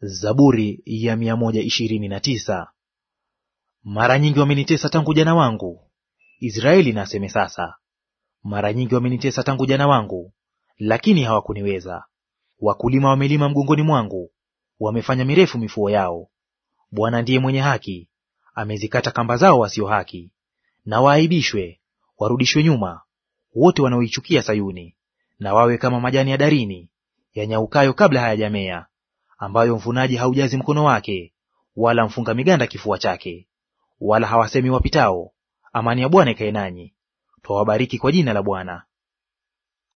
Zaburi ya mia Mara nyingi wamenitesa tangu jana wangu, Israeli naseme sasa. Mara nyingi wamenitesa tangu jana wangu, lakini hawakuniweza. Wakulima wamelima mgongoni mwangu, wamefanya mirefu mifuo yao. Bwana ndiye mwenye haki, amezikata kamba zao wasio haki. Na waaibishwe, warudishwe nyuma wote wanaoichukia Sayuni, na wawe kama majani ya darini yanyaukayo kabla hayajamea ambayo mvunaji haujazi mkono wake, wala mfunga miganda kifua chake, wala hawasemi wapitao, amani ya Bwana ikae nanyi. Twawabariki kwa jina la Bwana.